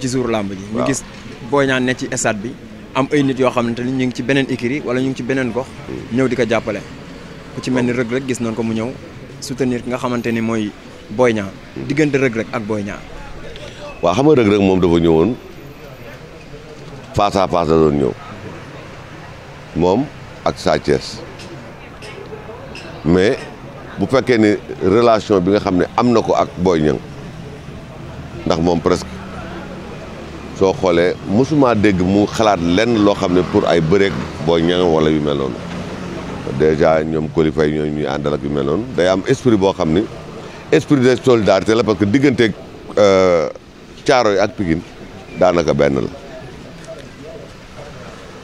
ci jour làmb ji ñu gis Boy Niang ne ci stade bi am ay nit yoo xamante ni ñu ngi ci beneen écurie wala ñu ngi ci beneen gox hmm. ñëw di ko jàppale ku ci mel ni Reug Reug gis nañ ko mu ñëw soutenir ki nga xamante ni mooy booy Niang hmm. diggante Reug Reug ak booy Niang waa xam nga Reug Reug moom dafa ñëwoon face à face la doon ñëw moom ak Sa Thiès mais bu fekkee ni relation bi nga xam ne am na ko ak booy Niang ndax moom presque soo xoolee mosuma dégg mu xalaat lenn loo xam ne pour ay bëreeg booy ña wala yu meloon noonu dèjà ñoom kilifa yi ñooñu ñuy àndal ak yu mel day am esprit boo xam ni esprit de solidarité la parce que diggante caaro euh, yi ak Pikine daanaka benn la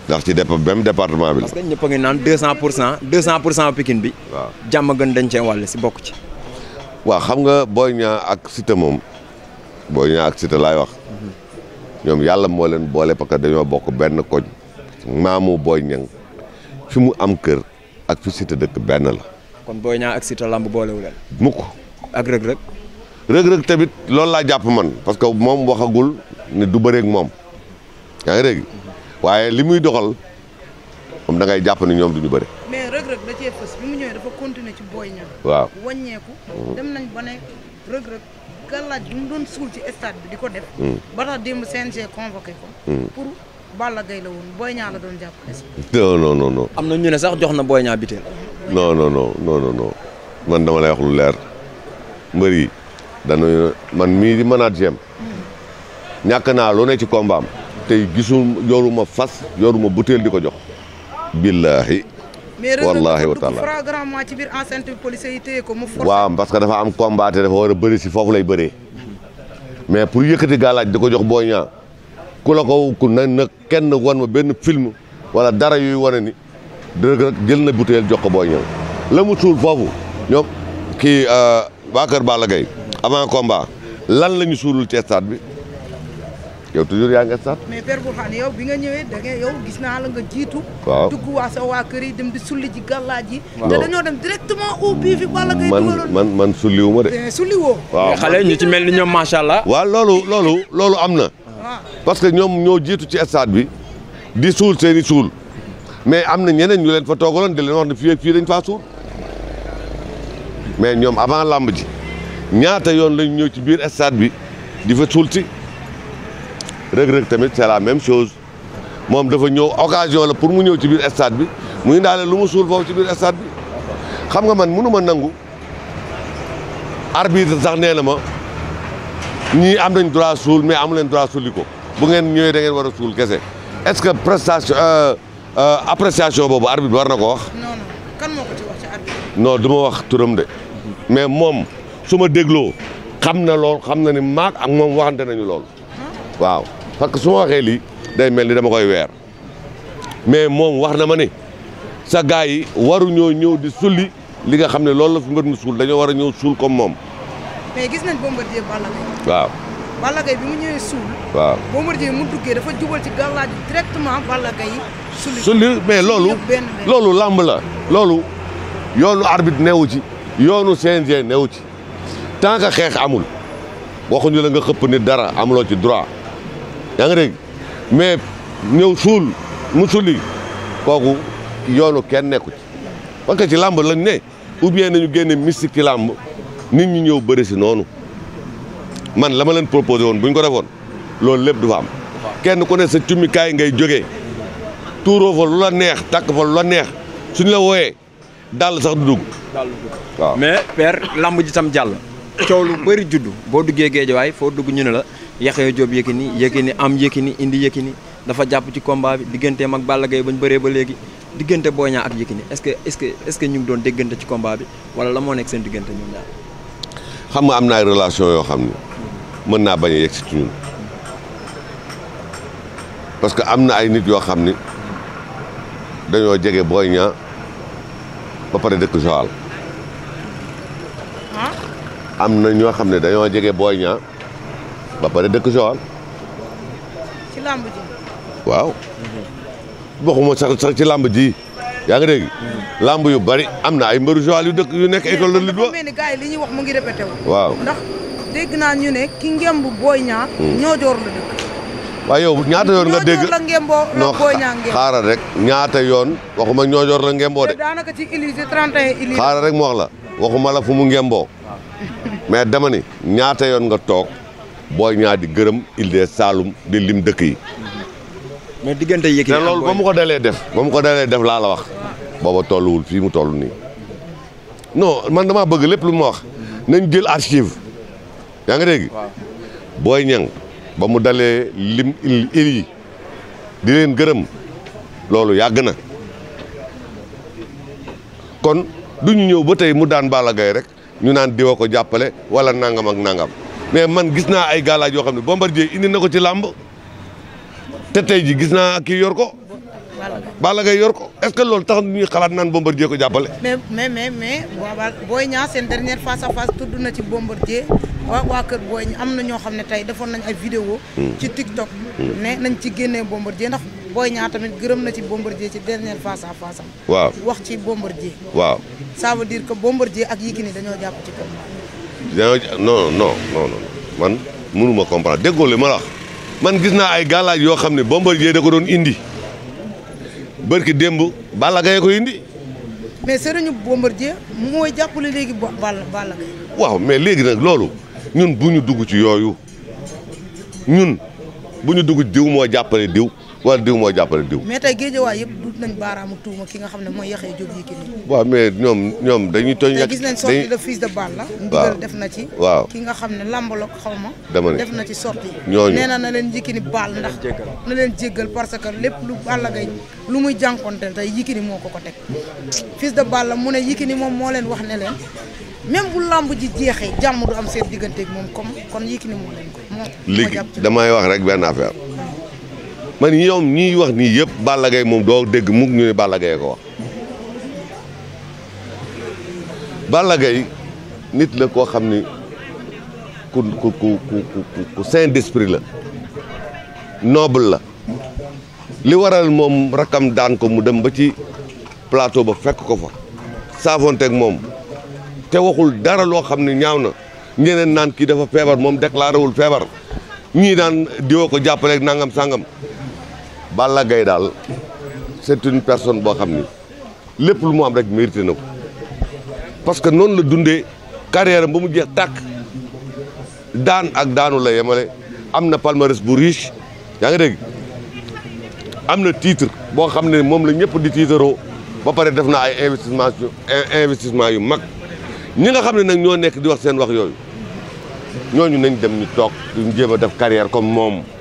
ndax ci dép même département bi la. ñëpp ngi naan deux cent pour cent deux cent pour cent Pikine bi. waaw jàmm gën dañ cee wàll si bokk ci. waaw xam nga booy Niang ak Siteu moom Boy Niang ak Siteu laay wax. Mhm. ñoom yàlla moo leen boole parce que dañoo bokk benn koñ maamu booy Niang fi mu am kër ak fi Siteu dëkk benn la. kon booy Niang ak Siteu lamb boolewu leen. mukk ak Reug Reug. Reug Reug tamit loolu laa jàpp man parce que moom waxagul ne du bëreeg moom yaa ngi waaye li muy doxal moom dangay jàpp ni ñoom du ñu bëri. mais Reug Reug gàllaaj bi mu doon suul ci stade bi di ko def. Hmm. ba tax démb CNG convoqué ko. Hmm. pour Balla Gaye la woon Boy Niang la doon jàppale si. non non non non. am na ñu ne sax jox na Boy Niang biteel. non non non non non man dama lay wax leer mbër yi danañu man mii di manager am hmm. ñàkk naa loo ne ci combat am tey gisul yoruma fas yoruma butéel di ko jox. billahi wallahi wa parce que dafa am combat te dafa war a bëri si foofu lay bëree mais pour yëkkati gàllaaj di ko jox Boy Niang ku ko ku na kenn won ma benn film wala dara yuy wane ni dëgg jël na butéel jox ko Boy Niang la mu suul foofu ñoom kii euh, waa kër Balla Gaye avant combat lan la ñu suulul ci bi yow toujours yaa nga sax. bi nga ñëwee da nga gis naa la nga jiitu. waaw dugg waa sa waa dem di sulli ji gàllaaj yi. waaw dañoo dem directement au pif bi wala ngay man man sulliwuma de. Eh, sulliwoo. waaw xale ñu ci mel ni ñoom macha allah. waaw loolu loolu loolu am na. Ah. parce que ñoom ñoo jiitu ci stade bi di suul seen i suul mais am na ñeneen ñu leen fa toogaloon di leen wax ne fii fii dañ faa suul mais ñoom avant làmb ji ñaata yoon lañ ñëw ci biir stade bi rëg-rëg tamit c'est la même chose moom dafa ñëw occasion la pour mu ñëw ci biir stade bi muy ndaale lu mu suul foofu ci biir bi xam nga man mënu ma nangu arbitre sax nee na ma ñii am nañ droit suul mais amu leen droit suuli ko bu ngeen ñëwee da ngeen war a suul kese est-ce que prestation euh, euh, appréciation boobu arbitre war na ko wax. noo du ma wax turam de mais moom su ma dégloo xam na lool xam na ni maak ak moom waxante nañu lool ah. waaw. parce que su ma waxee lii day mel ni dama koy weer mais moom wax na ma ne sa gars yi waruñoo ñëw di sulli li nga xam ne loolu la fi mbër mi suul dañoo war a ñëw suul comme moom. mais waaw. Balla Gaye bi mu ñëwee suul. waaw Bombardier mu duggee dafa jubal ci gàllaaj directement Balla Gaye. sulli sulli loolu loolu làmb la loolu yoonu arbitre newu ci yoonu CNG newu ci tant xeex amul waxuñu la nga xëpp ni dara amuloo ci droit. yaa ngi dégg mais ñëw suul mu suli kooku yoonu kenn nekku ci parce que ci làmb lañ ne ou bien nañu génne mystique ci làmb nit ñi ñëw bëri si noonu man la ma leen proposé woon bu ñu ko defoon loolu lépp du fa am kenn ku ne sa cummikaay ngay jógee tuuroo fa lu la neex takk fa lu la neex suñ la wooyee dàll sax du dugg waaw mais père làmb ji tam jàll coow lu bëri judd boo duggee géejawaay foo dugg ñu ne la Yaxya Joob Yékini ni am ni indi ni dafa jàpp ci combat bi digganteem ak Balla Gaye ba bëree ba léegi diggante Boy Niang ak Yékini est-ce que est que est-ce que ñu ngi doon déggante ci combat bi wala la moo nekk seen diggante ñoom ñaar. xam nga am na ay relation yoo xam ne mën naa bañ a si ci ñun parce que am na ay nit yoo xam ni dañoo jege booy Niang ba pare dëkk Joal ah. am na ñoo xam ne dañoo jege booy Niang ba pare dëkk Joal. ci làmb ji. waaw. waxuma sax sax ci làmb ji yaa ngi dégg. làmb yu bari am na ay mbëru Joal yu dëkk yu nekk école de lutte ba. mais li ñuy wax mu ngi naa ñu ne ki ngemb Boy Niang. ñoo hmm. la dëkk. waaw yow ñaata yoon nga dégg non xaaral rek ñaata yoon waxuma ñoo joor la ngemboo de daanaka rek mu wax la waxuma la fu mu ngemboo mais dama ñaata yoon nga toog booy Niang di gërëm Île de Saloum di lim dëkk yi. mais diggante Yékini te loolu ba mu ko dalee def ba mu ko dalee def laa la wax booba tolluwul fii mu toll nii no man damaa bëgg lépp lu ma wax nañ jël archive yaa ngi dégg. Boy Niang ba mu dalee lim il yi di leen gërëm loolu yàgg na kon duñu ñëw ba tey mu daan Balla Gaye rek ñu naan diwa ko jàppale wala nangam ak nangam. mais man gis naa ay gaalaaj yoo xam ne Bombardier indi na ko ci làmb te tey ji gis naa kii yor ko. Balla Gaye yor ko est-ce que loolu tax na ñuy xalaat naan Bombardier ko jàppale. mais mais mais mais waaw Boy Niang seen dernière face à face tudd na ci Bombardier waa waa kër Boy am na ñoo xam ne tey defoon nañ ay vidéo hmm. ci TikTok. ne nañ ci génnee Bombardier ndax Boy Niang tamit gërëm na ci Bombardier ci dernière face à face am. waaw wax ci Bombardier. waaw ça veut dire que Bombardier ak Yékini dañoo jàpp non man mënuma comprendre déggoo li ma man gis naa ay gàllaaj yoo xam ne Bombardier da ko doon indi bërki démb Balla ko indi. mais sëriñu Bombardier mooy jàppale léegi Balla waaw mais léegi nag loolu ñun bu ñu dugg ci yooyu ñun bu ñu dugg diw moo jàppale diw. wala diw moo jàppale diw. mais tey géejewaay yëpp dut nañ baaraamu tuuma ki nga xam ne mooy Yaxya Jóob Yékini. waaw mais ñoom ñoom dañuy tooñ. rek gis nañ sorti de fils de Balla. waaw def na ci. waaw ki nga xam ne lambaloog xaw ma. dama def na ci sorti. ñooñu nee na na leen Yékini baal ndax. na leen jéggal parce que lépp lu Balla lu muy jànkonteel tey Yékini moo ko ko teg. fils de Balla mu ne Yékini moom moo leen wax ne leen. même bu làmb ji jeexee jàmm du am seen digganteeg moom comme kon yikki moo leen ko. damay wax rek benn affaire. man ñoom ñiy wax nii yëpp Balla moom doo dégg mu ñu ne Balla Gaye ko wax Balla nit la koo xam ni ku ku ku ku ku saint la noobul la li waral moom rakam daan ko mu dem ba ci plateau ba fekk ko fa saafonteeg moom te waxul dara loo xam ne ñaaw na ñeneen naan kii dafa feebar moom déclaré wul feebar ñii daan diwoo ko jàppaleeg nangam sangam Balla gay daal c'est une personne boo xam ni lépp lu mu am rek mérité na parce que noonu la dundee carrière ba mu jeex tàkk daan ak daanu la yemale am na palmarès bu riche yaa ngi dégg am na titre boo xam ne moom la ñëpp di tiitaroo ba pare def na ay investissement investissement yu mag ñi nga xam ne nag ñoo nekk di wax seen wax yooyu ñooñu nañ dem ñu toog duñ jéem a def carrière comme moom